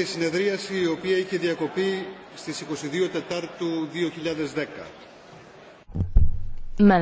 Τη συνεδρίαση η οποία είχε διακοπεί στις 22 Τετάρτου 2010. Μέλα.